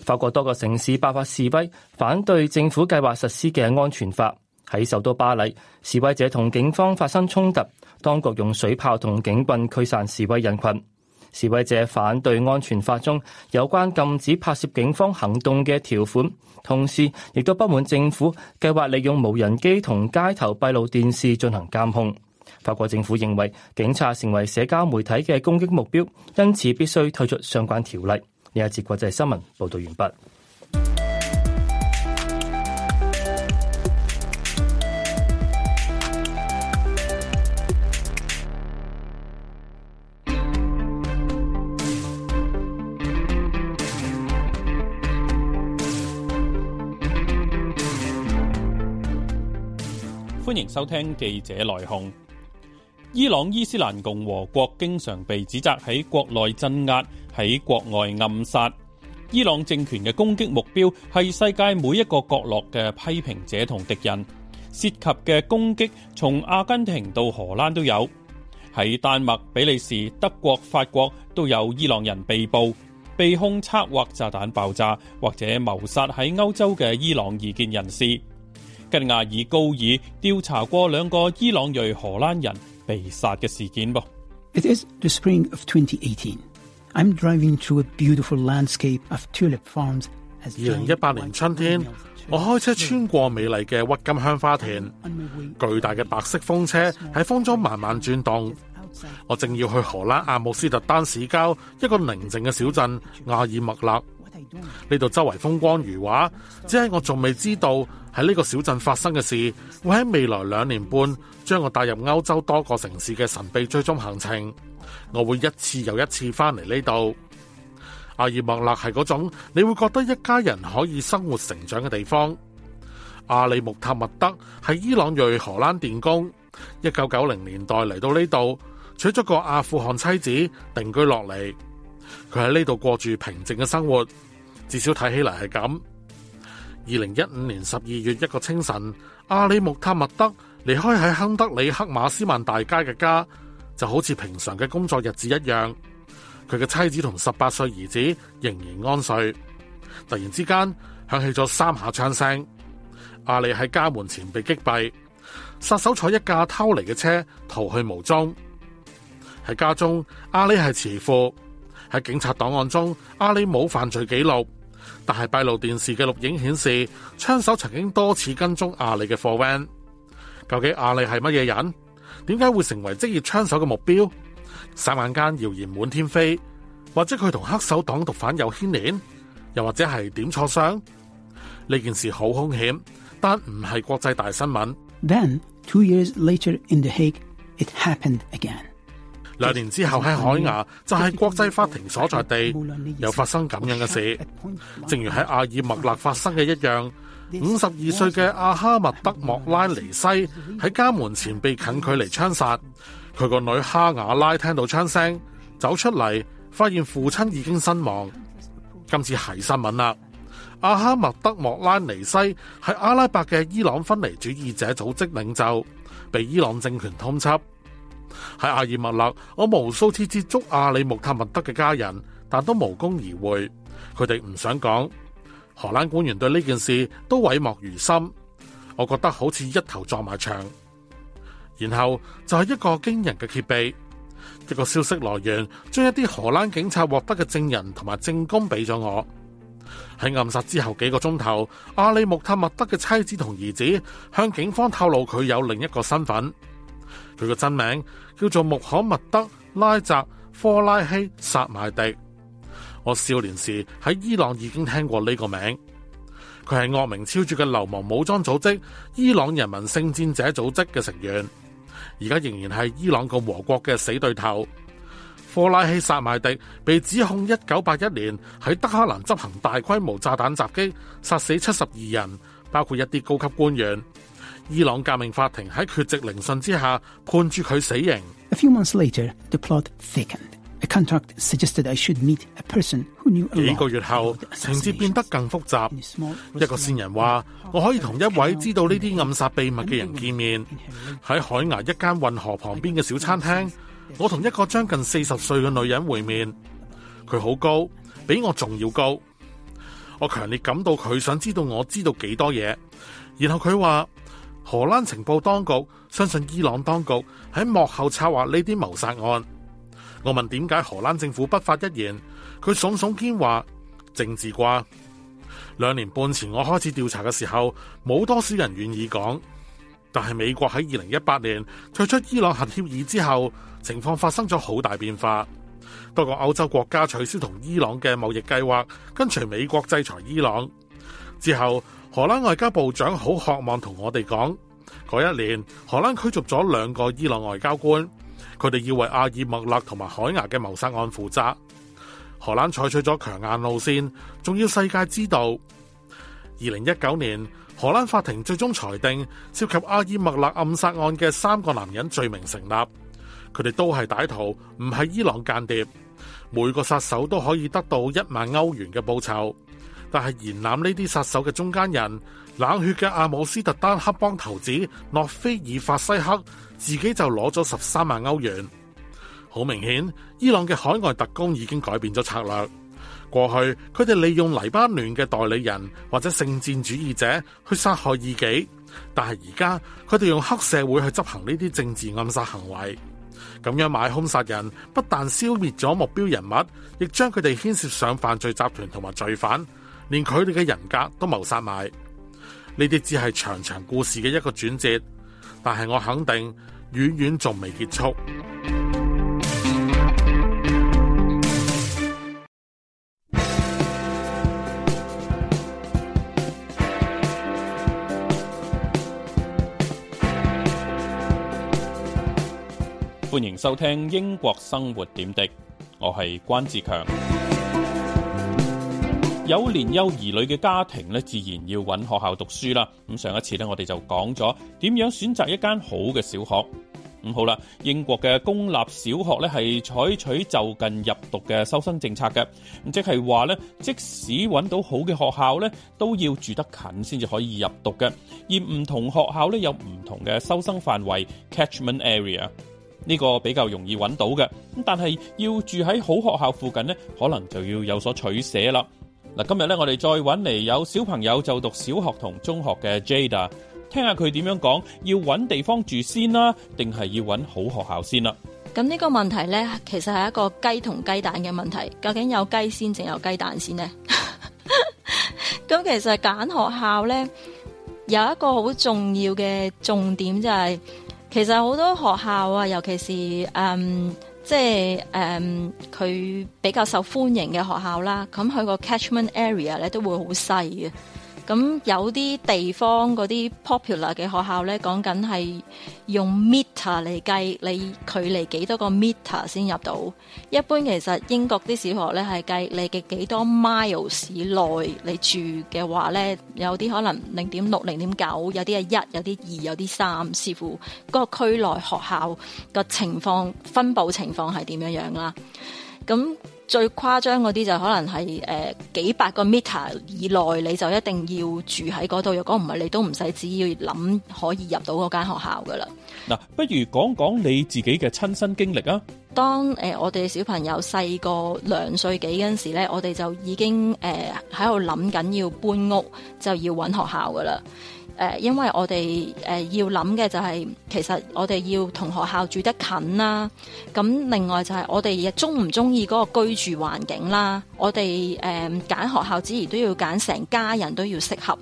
法國多個城市爆發示威，反對政府計劃實施嘅安全法。喺首都巴黎，示威者同警方發生衝突，當局用水炮同警棍驅散示威人群。示威者反對安全法中有關禁止拍攝警方行動嘅條款，同時亦都不滿政府計劃利用無人機同街頭閉路電視進行監控。法國政府認為警察成為社交媒體嘅攻擊目標，因此必須推出相關條例。呢一次國際新聞報道完畢。歡迎收聽記者來鴻。伊朗伊斯蘭共和國經常被指責喺國內鎮壓。喺國外暗殺伊朗政權嘅攻擊目標係世界每一個角落嘅批評者同敵人，涉及嘅攻擊從阿根廷到荷蘭都有，喺丹麥、比利時、德國、法國都有伊朗人被捕，被控策劃炸彈爆炸或者謀殺喺歐洲嘅伊朗異見人士。吉亞爾高爾調查過兩個伊朗裔荷蘭人被殺嘅事件。It is the spring of 2018. I'm driving through a beautiful landscape of tulip farms 二零一八年春天，我開車穿過美麗嘅鬱金香花田，巨大嘅白色風車喺風中慢慢轉動。我正要去荷蘭阿姆斯特丹市郊一個寧靜嘅小鎮阿爾默勒，呢度周圍風光如畫。只係我仲未知道喺呢個小鎮發生嘅事，會喺未來兩年半將我帶入歐洲多個城市嘅神秘追蹤行程。我會一次又一次翻嚟呢度。阿爾莫勒係嗰種你會覺得一家人可以生活成長嘅地方。阿里穆塔麥德係伊朗裔荷蘭電工，一九九零年代嚟到呢度，娶咗個阿富汗妻子，定居落嚟。佢喺呢度過住平靜嘅生活，至少睇起嚟係咁。二零一五年十二月一個清晨，阿里穆塔麥德離開喺亨德里克馬斯曼大街嘅家。就好似平常嘅工作日子一樣，佢嘅妻子同十八歲兒子仍然安睡。突然之間響起咗三下槍聲，阿里喺家門前被擊斃，殺手坐一架偷嚟嘅車逃去無蹤。喺家中，阿里係慈父。喺警察檔案中，阿里冇犯罪記錄，但係閉路電視嘅錄影顯示，槍手曾經多次跟蹤阿里嘅貨 van。究竟阿里係乜嘢人？點解會成為職業槍手嘅目標？眨眼間謠言滿天飛，或者佢同黑手黨毒販有牽連，又或者係點錯想？呢件事好兇險，但唔係國際大新聞。Then two years later in the Hague, it happened again。兩年之後喺海牙，就係、是、國際法庭所在地，又發生咁樣嘅事，正如喺阿爾默勒發生嘅一樣。五十二歲嘅阿哈麥德莫拉尼西喺家門前被近距離槍殺，佢個女哈瓦拉聽到槍聲走出嚟，發現父親已經身亡。今次係新聞啦，阿哈麥德莫拉尼西係阿拉伯嘅伊朗分離主義者組織領袖，被伊朗政權通緝。喺阿爾默勒，我無數次接觸阿里穆塔默德嘅家人，但都無功而回，佢哋唔想講。荷蘭官員對呢件事都諱莫如深，我覺得好似一頭撞埋牆。然後就係、是、一個驚人嘅揭秘，一個消息來源將一啲荷蘭警察獲得嘅証人同埋証供俾咗我。喺暗殺之後幾個鐘頭，阿里木塔麥德嘅妻子同兒子向警方透露佢有另一個身份，佢個真名叫做穆罕默德拉扎科拉希薩邁迪。我少年時喺伊朗已經聽過呢個名，佢係惡名昭著嘅流氓武裝組織伊朗人民聖戰者組織嘅成員，而家仍然係伊朗共和國嘅死對頭。霍拉希·薩邁迪被指控一九八一年喺德黑蘭執行大規模炸彈襲擊，殺死七十二人，包括一啲高級官員。伊朗革命法庭喺缺席聆訊之下判處佢死刑。A few months later, the plot thickened. 幾個月後，情節變得更複雜。一個線人話，我可以同一位知道呢啲暗殺秘密嘅人見面。喺海牙一間運河旁邊嘅小餐廳，我同一個將近四十歲嘅女人會面。佢好高，比我仲要高。我強烈感到佢想知道我知道幾多嘢。然後佢話，荷蘭情報當局相信伊朗當局喺幕後策劃呢啲謀殺案。我問點解荷蘭政府不發一言，佢聳聳肩話，政治啩。兩年半前我開始調查嘅時候，冇多少人願意講。但係美國喺二零一八年退出伊朗核協議之後，情況發生咗好大變化。多個歐洲國家取消同伊朗嘅貿易計劃，跟隨美國制裁伊朗。之後，荷蘭外交部長好渴望同我哋講。嗰一年，荷蘭驅逐咗兩個伊朗外交官。佢哋要為阿爾默勒同埋海牙嘅謀殺案負責。荷蘭採取咗強硬路線，仲要世界知道。二零一九年，荷蘭法庭最終裁定涉及阿爾默勒暗殺案嘅三個男人罪名成立。佢哋都係歹徒，唔係伊朗間諜。每個殺手都可以得到一萬歐元嘅報酬。但係，延攬呢啲殺手嘅中間人，冷血嘅阿姆斯特丹黑幫頭子諾菲爾法西克自己就攞咗十三萬歐元。好明顯，伊朗嘅海外特工已經改變咗策略。過去佢哋利用黎巴嫩嘅代理人或者聖戰主義者去殺害異己，但係而家佢哋用黑社會去執行呢啲政治暗殺行為。咁樣買兇殺人，不但消滅咗目標人物，亦將佢哋牽涉上犯罪集團同埋罪犯。連佢哋嘅人格都謀殺埋，呢啲只係長長故事嘅一個轉折，但係我肯定，遠遠仲未結束。歡迎收聽《英國生活點滴》，我係關志強。有年幼兒女嘅家庭咧，自然要揾學校讀書啦。咁上一次咧，我哋就講咗點樣選擇一間好嘅小學。咁好啦，英國嘅公立小學咧係採取就近入讀嘅收生政策嘅，即係話咧，即使揾到好嘅學校咧，都要住得近先至可以入讀嘅。而唔同學校咧有唔同嘅收生範圍 （catchment area），呢個比較容易揾到嘅。咁但係要住喺好學校附近咧，可能就要有所取捨啦。嗱，今日呢，我哋再揾嚟，有小朋友就讀小學同中學嘅 Jada，聽下佢點樣講，要揾地方住先啦，定係要揾好學校先啦？咁呢個問題呢，其實係一個雞同雞蛋嘅問題，究竟有雞先定有雞蛋先呢？咁其實揀學校呢，有一個好重要嘅重點就係，其實好多學校啊，尤其是嗯。即係誒，佢比較受歡迎嘅學校啦，咁佢個 catchment area 咧都會好細嘅。咁有啲地方嗰啲 popular 嘅學校咧，講緊係用 meter 嚟計，你距離幾多個 meter 先入到。一般其實英國啲小學咧係計你嘅幾多 miles 內你住嘅話咧，有啲可能零點六、零點九，有啲係一，有啲二，有啲三，視乎嗰個區內學校個情況分佈情況係點樣樣啦。咁。最誇張嗰啲就可能係誒幾百個 meter 以內，你就一定要住喺嗰度。若果唔係，你都唔使，只要諗可以入到嗰間學校噶啦。嗱、啊，不如講講你自己嘅親身經歷啊。當誒、呃、我哋小朋友細個兩歲幾嗰陣時咧，我哋就已經誒喺度諗緊要搬屋，就要揾學校噶啦。呃，因為我哋，呃，要諗嘅就係，其實我哋要同學校住得近啦，咁另外就係我哋亦中唔中意嗰個居住環境啦。我哋誒揀學校之餘，自然都要揀成家人都要適合，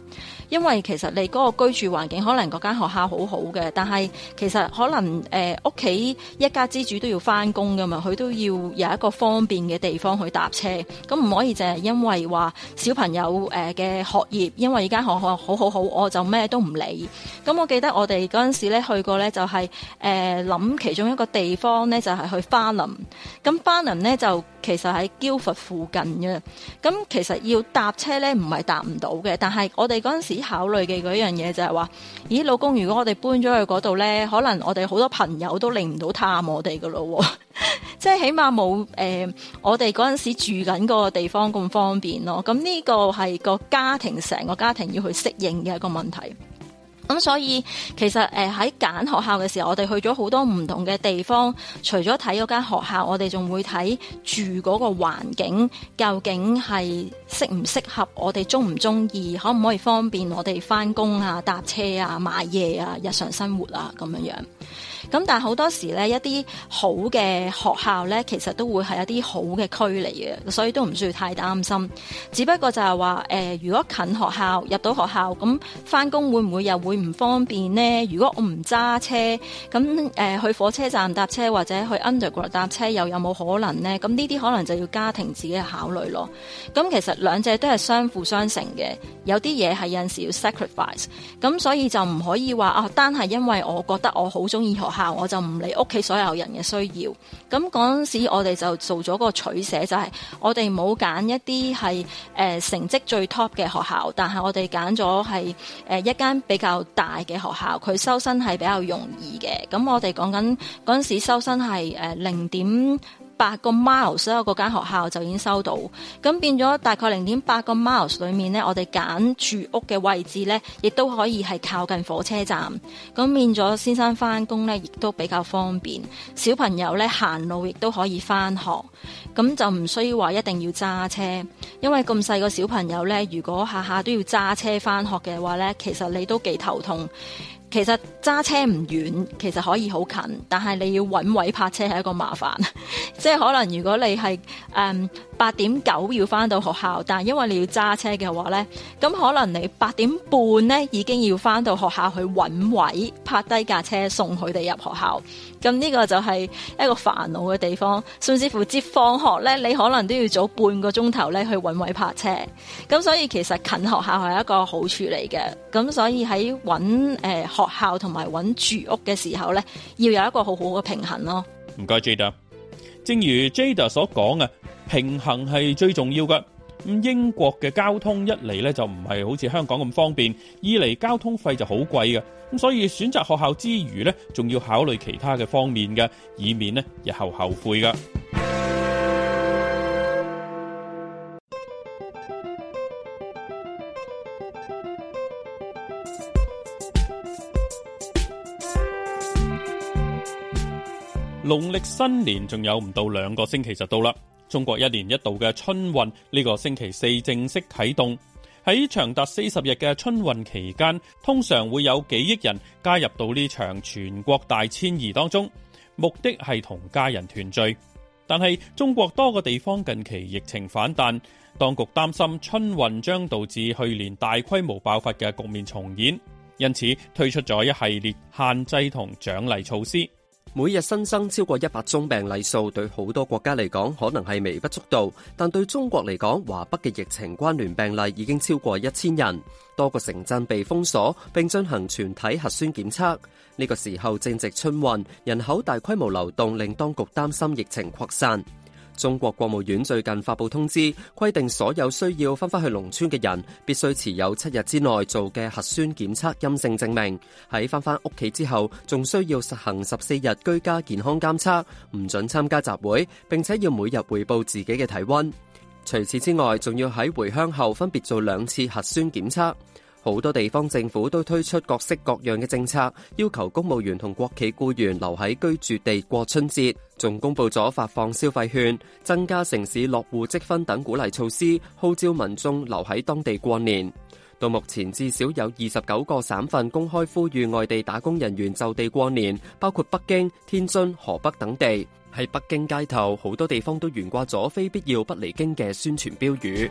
因為其實你個居住環境可能間學校好好嘅，但係其實可能誒屋企一家之主都要翻工噶嘛，佢都要有一個方便嘅地方去搭車，咁唔可以就係因為話小朋友誒嘅、呃、學業，因為依間學校好好好，我就咩都唔理。咁我記得我哋陣時咧去過咧，就係誒諗其中一個地方咧，就係、是、去花林。咁花林咧就其實喺嬌佛附近。嘅，咁其實要搭車呢，唔係搭唔到嘅。但係我哋嗰陣時考慮嘅嗰樣嘢就係話，咦，老公，如果我哋搬咗去嗰度呢，可能我哋好多朋友都嚟唔到探我哋噶咯，即 係起碼冇誒，我哋嗰陣時住緊個地方咁方便咯。咁呢個係個家庭成個家庭要去適應嘅一個問題。咁、嗯、所以其實誒喺揀學校嘅時候，我哋去咗好多唔同嘅地方，除咗睇嗰間學校，我哋仲會睇住個環境，究竟係適唔適合我哋中唔中意，可唔可以方便我哋翻工啊、搭車啊、買嘢啊、日常生活啊咁樣樣咁、嗯、但係好多時咧，一啲好嘅學校咧，其實都會係一啲好嘅區嚟嘅，所以都唔需要太擔心。只不過就係話誒，如果近學校入到學校，咁翻工會唔會又會。唔方便咧，如果我唔揸車，咁誒、呃、去火車站搭車或者去 underground 搭、er、車又有冇可能咧？咁呢啲可能就要家庭自己考慮咯。咁其實兩者都係相輔相成嘅，有啲嘢係有陣時要 sacrifice，咁所以就唔可以話啊、哦，單係因為我覺得我好中意學校，我就唔理屋企所有人嘅需要。咁嗰陣時我哋就做咗個取捨，就係、是、我哋冇揀一啲係誒成績最 top 嘅學校，但係我哋揀咗係誒一間比較。大嘅學校，佢收生係比較容易嘅。咁我哋講緊嗰陣時收生係誒零點八個 miles 所有嗰間學校就已經收到，咁變咗大概零點八個 miles，裏面呢我哋揀住屋嘅位置呢，亦都可以係靠近火車站，咁變咗先生翻工呢，亦都比較方便，小朋友呢，行路亦都可以翻學，咁就唔需要話一定要揸車，因為咁細個小朋友呢，如果下下都要揸車翻學嘅話呢，其實你都幾頭痛。其實揸車唔遠，其實可以好近，但係你要揾位泊車係一個麻煩， 即係可能如果你係誒八點九要返到學校，但係因為你要揸車嘅話呢，咁可能你八點半呢已經要返到學校去揾位泊低架車送佢哋入學校。咁呢個就係一個煩惱嘅地方，甚至乎接放學呢，你可能都要早半個鐘頭咧去揾位泊車。咁所以其實近學校係一個好處嚟嘅，咁所以喺揾誒學校同埋揾住屋嘅時候呢，要有一個好好嘅平衡咯。唔該，Jade。正如 Jade 所講啊，平衡係最重要噶。咁英國嘅交通一嚟呢，就唔係好似香港咁方便，二嚟交通費就好貴噶。咁所以選擇學校之餘呢，仲要考慮其他嘅方面嘅，以免呢日後後悔噶。農曆新年仲有唔到兩個星期就到啦，中國一年一度嘅春運呢個星期四正式啟動。喺長達四十日嘅春運期間，通常會有幾億人加入到呢場全國大遷移當中，目的係同家人團聚。但係中國多個地方近期疫情反彈，當局擔心春運將導致去年大規模爆發嘅局面重演，因此推出咗一系列限制同獎勵措施。每日新增超過一百宗病例數對好多國家嚟講可能係微不足道，但對中國嚟講，華北嘅疫情關聯病例已經超過一千人，多個城鎮被封鎖並進行全體核酸檢測。呢個時候正值春運人口大規模流動，令當局擔心疫情擴散。中國國務院最近發布通知，規定所有需要翻返去農村嘅人，必須持有七日之內做嘅核酸檢測陰性證明。喺翻返屋企之後，仲需要實行十四日居家健康監測，唔准參加集會，並且要每日匯報自己嘅體溫。除此之外，仲要喺回鄉後分別做兩次核酸檢測。好多地方政府都推出各式各樣嘅政策，要求公務員同國企僱員留喺居住地過春節，仲公布咗發放消費券、增加城市落戶積分等鼓勵措施，號召民眾留喺當地過年。到目前至少有二十九個省份公開呼籲外地打工人員就地過年，包括北京、天津、河北等地。喺北京街頭，好多地方都懸掛咗非必要不離京嘅宣傳標語。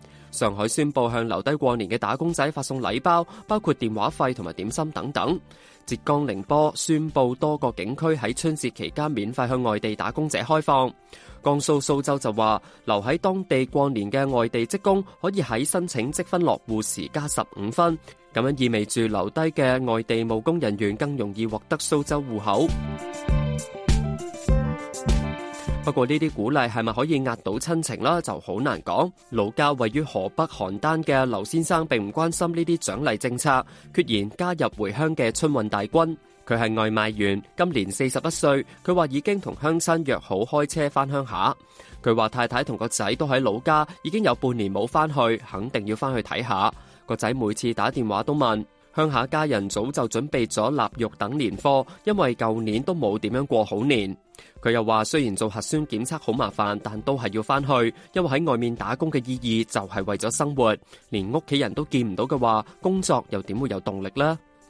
上海宣布向留低過年嘅打工仔發送禮包，包括電話費同埋點心等等。浙江寧波宣布多個景區喺春節期間免費向外地打工者開放。江蘇蘇州就話，留喺當地過年嘅外地職工可以喺申請積分落戶時加十五分，咁樣意味住留低嘅外地務工人員更容易獲得蘇州戶口。不過呢啲鼓勵係咪可以壓倒親情啦，就好難講。老家位於河北邯鄲嘅劉先生並唔關心呢啲獎勵政策，決然加入回鄉嘅春運大軍。佢係外賣員，今年四十一歲。佢話已經同鄉親約好開車翻鄉下。佢話太太同個仔都喺老家，已經有半年冇翻去，肯定要翻去睇下。個仔每次打電話都問，鄉下家人早就準備咗臘肉等年貨，因為舊年都冇點樣過好年。佢又話：雖然做核酸檢測好麻煩，但都係要翻去，因為喺外面打工嘅意義就係為咗生活，連屋企人都見唔到嘅話，工作又點會有動力呢？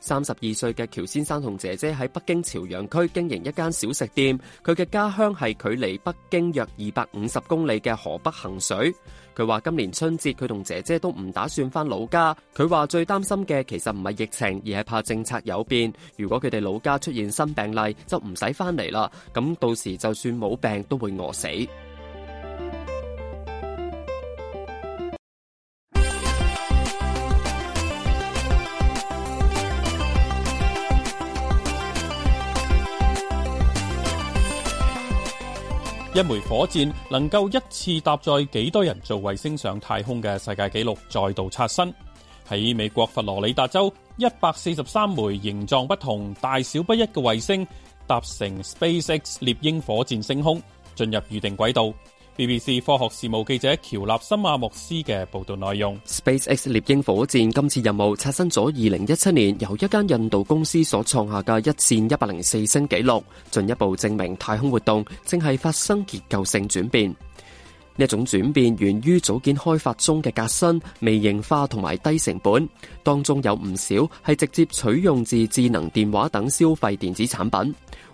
三十二歲嘅喬先生同姐姐喺北京朝陽區經營一間小食店，佢嘅家鄉係距離北京約二百五十公里嘅河北衡水。佢話今年春節，佢同姐姐都唔打算翻老家。佢話最擔心嘅其實唔係疫情，而係怕政策有變。如果佢哋老家出現新病例，就唔使翻嚟啦。咁到時就算冇病，都會餓死。一枚火箭能夠一次搭載幾多人造衛星上太空嘅世界紀錄再度刷新。喺美國佛羅里達州，一百四十三枚形狀不同、大小不一嘅衛星搭乘 SpaceX 獵鷹火箭升空，進入預定軌道。BBC 科學事務記者喬納森阿莫斯嘅報道內容：SpaceX 獵鷹火箭今次任務刷新咗二零一七年由一間印度公司所創下嘅一箭一百零四星紀錄，進一步證明太空活動正係發生結構性轉變。呢一種轉變源於組件開發中嘅革新、微型化同埋低成本，當中有唔少係直接取用自智能電話等消費電子產品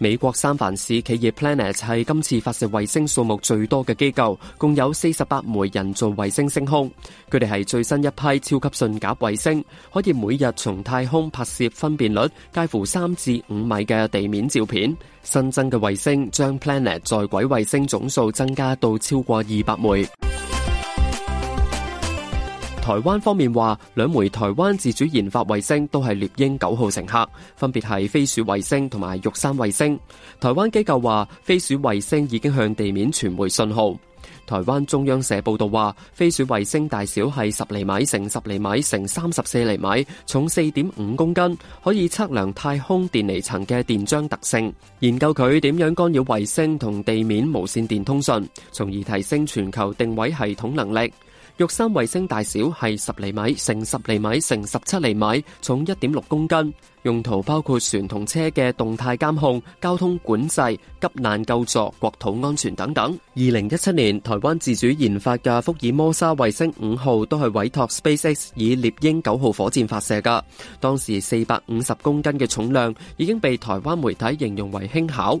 美國三藩市企業 Planet 係今次發射衛星數目最多嘅機構，共有四十八枚人造衛星升空。佢哋係最新一批超級信鴿衛星，可以每日從太空拍攝分辨率介乎三至五米嘅地面照片。新增嘅衛星將 Planet 在軌衛星總數增加到超過二百枚。台灣方面話，兩枚台灣自主研發衛星都係獵鷹九號乘客，分別係飛鼠衛星同埋玉山衛星。台灣機構話，飛鼠衛星已經向地面傳回信號。台灣中央社報道話，飛鼠衛星大小係十厘米乘十厘米乘三十四厘米，重四點五公斤，可以測量太空電離層嘅電漿特性，研究佢點樣干擾衛星同地面無線電通訊，從而提升全球定位系統能力。玉山衛星大小係十厘米乘十厘米乘十七厘米，重一點六公斤。用途包括船同車嘅動態監控、交通管制、急難救助、國土安全等等。二零一七年台灣自主研發嘅福爾摩沙衛星五號都係委託 SpaceX 以獵鷹九號火箭發射噶，當時四百五十公斤嘅重量已經被台灣媒體形容為輕巧。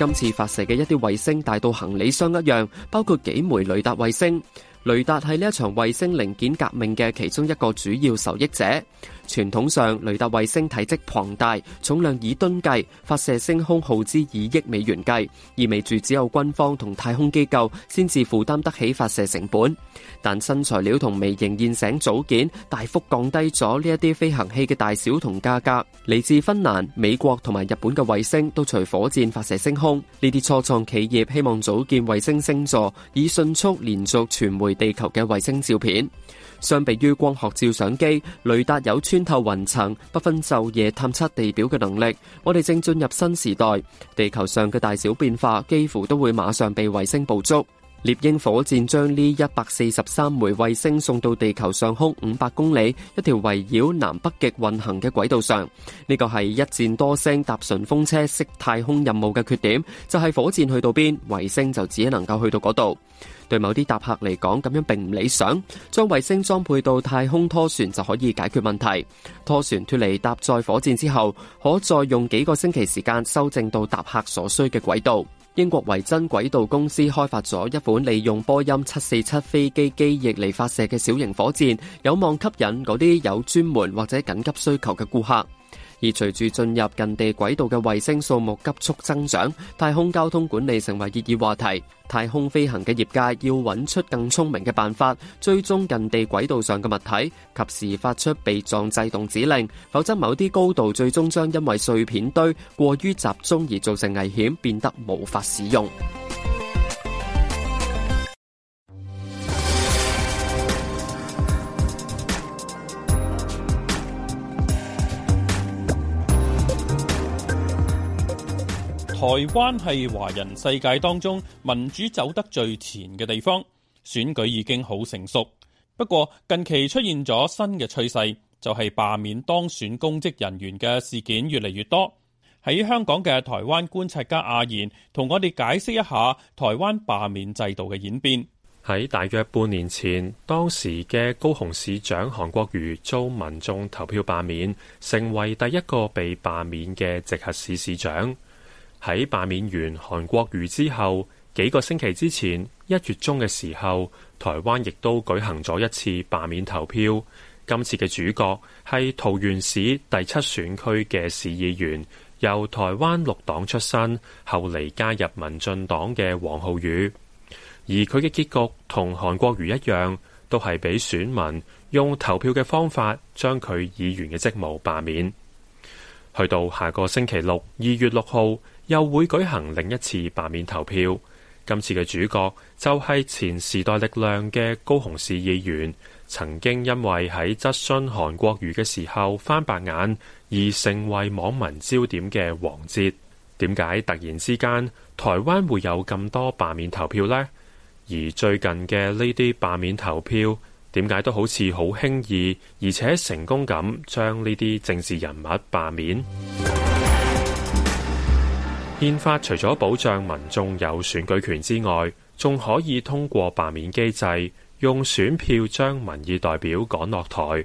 今次發射嘅一啲衛星大到行李箱一樣，包括幾枚雷達衛星。雷達係呢一場衛星零件革命嘅其中一個主要受益者。傳統上，雷達衛星體積龐大，重量以噸計，發射升空耗資以億美元計，意味住只有軍方同太空機構先至負擔得起發射成本。但新材料同微型現成組件大幅降低咗呢一啲飛行器嘅大小同價格。嚟自芬蘭、美國同埋日本嘅衛星都隨火箭發射升空。呢啲初創企業希望組建衛星星座，以迅速連續傳回地球嘅衛星照片。相比於光學照相機，雷達有穿透雲層、不分晝夜探測地表嘅能力。我哋正進入新時代，地球上嘅大小變化幾乎都會馬上被衛星捕捉。獵鷹火箭將呢一百四十三枚衛星送到地球上空五百公里，一條圍繞南北極運行嘅軌道上。呢個係一箭多星搭順風車式太空任務嘅缺點，就係、是、火箭去到邊，衛星就只能夠去到嗰度。對某啲搭客嚟講，咁樣並唔理想。將衛星裝配到太空拖船就可以解決問題。拖船脫離搭載火箭之後，可再用幾個星期時間修正到搭客所需嘅軌道。英國維珍軌道公司開發咗一款利用波音七四七飛機機翼嚟發射嘅小型火箭，有望吸引嗰啲有專門或者緊急需求嘅顧客。而隨住進入近地軌道嘅衛星數目急速增長，太空交通管理成為熱議話題。太空飛行嘅業界要揾出更聰明嘅辦法，追蹤近地軌道上嘅物體，及時發出避撞制動指令，否則某啲高度最終將因為碎片堆過於集中而造成危險，變得無法使用。台灣係華人世界當中民主走得最前嘅地方，選舉已經好成熟。不過近期出現咗新嘅趨勢，就係、是、罷免當選公職人員嘅事件越嚟越多。喺香港嘅台灣觀察家阿賢同我哋解釋一下台灣罷免制度嘅演變。喺大約半年前，當時嘅高雄市長韓國瑜遭民眾投票罷免，成為第一個被罷免嘅直轄市市市長。喺罷免完韓國瑜之後，幾個星期之前，一月中嘅時候，台灣亦都舉行咗一次罷免投票。今次嘅主角係桃園市第七選區嘅市議員，由台灣綠黨出身，後嚟加入民進黨嘅王浩宇。而佢嘅結局同韓國瑜一樣，都係俾選民用投票嘅方法將佢議員嘅職務罷免。去到下個星期六，二月六號。又會舉行另一次罷免投票，今次嘅主角就係前時代力量嘅高雄市議員，曾經因為喺質詢韓國瑜嘅時候翻白眼而成為網民焦點嘅王哲。點解突然之間台灣會有咁多罷免投票呢？而最近嘅呢啲罷免投票，點解都好似好輕易，而且成功咁將呢啲政治人物罷免？憲法除咗保障民眾有選舉權之外，仲可以通過罷免機制，用選票將民意代表趕落台。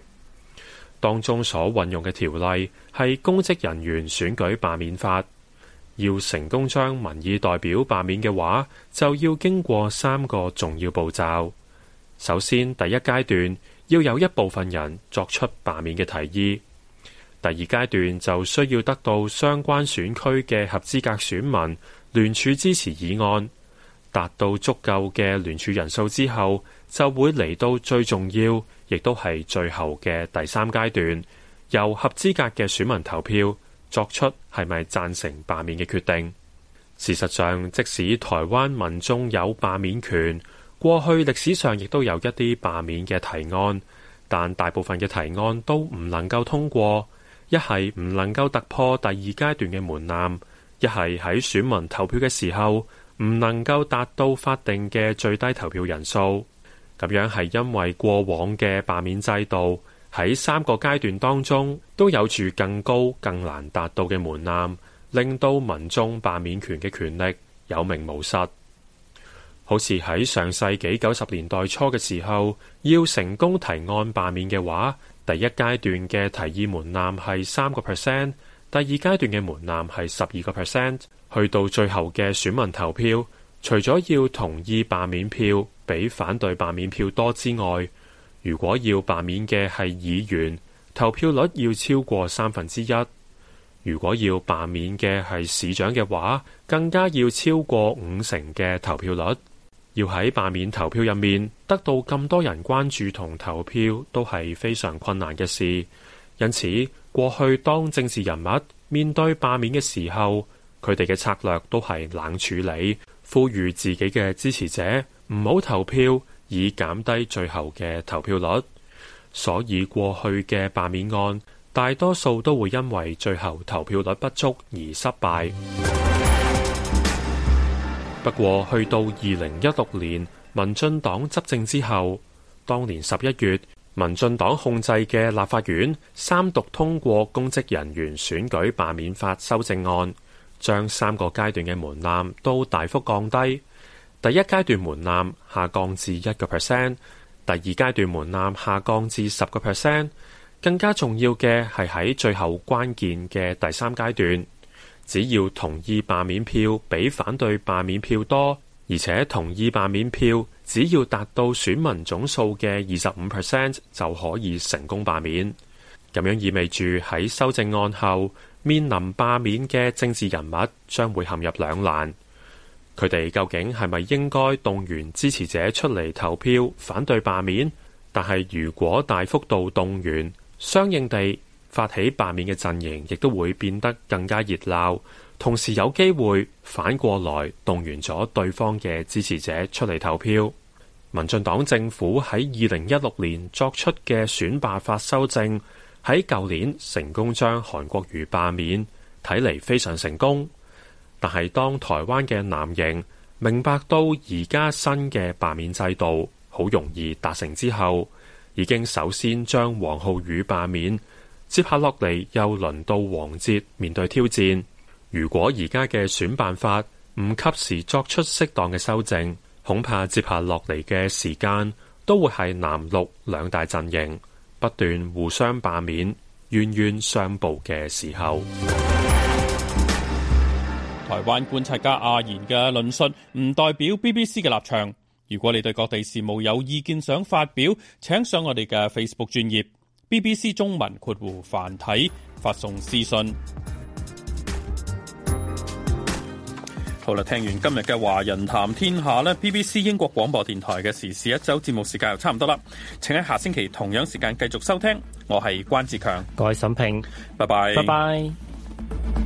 當中所運用嘅條例係公職人員選舉罷免法。要成功將民意代表罷免嘅話，就要經過三個重要步驟。首先，第一階段，要有一部分人作出罷免嘅提議。第二階段就需要得到相關選區嘅合資格選民聯署支持議案，達到足夠嘅聯署人數之後，就會嚟到最重要，亦都係最後嘅第三階段，由合資格嘅選民投票作出係咪贊成罷免嘅決定。事實上，即使台灣民眾有罷免權，過去歷史上亦都有一啲罷免嘅提案，但大部分嘅提案都唔能夠通過。一係唔能夠突破第二階段嘅門檻，一係喺選民投票嘅時候唔能夠達到法定嘅最低投票人數，咁樣係因為過往嘅罷免制度喺三個階段當中都有住更高、更難達到嘅門檻，令到民眾罷免權嘅權力有名無實。好似喺上世紀九十年代初嘅時候，要成功提案罷免嘅話，第一階段嘅提議門檻係三個 percent，第二階段嘅門檻係十二個 percent，去到最後嘅選民投票，除咗要同意罷免票比反對罷免票多之外，如果要罷免嘅係議員，投票率要超過三分之一；如果要罷免嘅係市長嘅話，更加要超過五成嘅投票率。要喺罷免投票入面得到咁多人關注同投票都係非常困難嘅事，因此過去當政治人物面對罷免嘅時候，佢哋嘅策略都係冷處理，呼籲自己嘅支持者唔好投票，以減低最後嘅投票率。所以過去嘅罷免案大多數都會因為最後投票率不足而失敗。不過，去到二零一六年，民進黨執政之後，當年十一月，民進黨控制嘅立法院三讀通過公職人員選舉罷免法修正案，將三個階段嘅門檻都大幅降低。第一階段門檻下降至一個 percent，第二階段門檻下降至十個 percent。更加重要嘅係喺最後關鍵嘅第三階段。只要同意罷免票比反對罷免票多，而且同意罷免票只要達到選民總數嘅二十五 percent 就可以成功罷免。咁樣意味住喺修正案後面臨罷免嘅政治人物將會陷入兩難。佢哋究竟係咪應該動員支持者出嚟投票反對罷免？但係如果大幅度動員，相應地發起罷免嘅陣營亦都會變得更加熱鬧，同時有機會反過來動員咗對方嘅支持者出嚟投票。民進黨政府喺二零一六年作出嘅選罷法修正，喺舊年成功將韓國瑜罷免，睇嚟非常成功。但係當台灣嘅藍營明白到而家新嘅罷免制度好容易達成之後，已經首先將王浩宇罷免。接下落嚟又輪到黃捷面對挑戰。如果而家嘅選罷法唔及時作出適當嘅修正，恐怕接下落嚟嘅時間都會係藍綠兩大陣營不斷互相罷免、冤冤相報嘅時候。台灣觀察家阿賢嘅論述唔代表 BBC 嘅立場。如果你對各地事務有意見想發表，請上我哋嘅 Facebook 專頁。BBC 中文括弧繁體發送私信。好啦，聽完今日嘅華人談天下咧，BBC 英國廣播電台嘅時事一周節目時間又差唔多啦，請喺下星期同樣時間繼續收聽。我係關志強，各位沈平，拜拜，拜拜。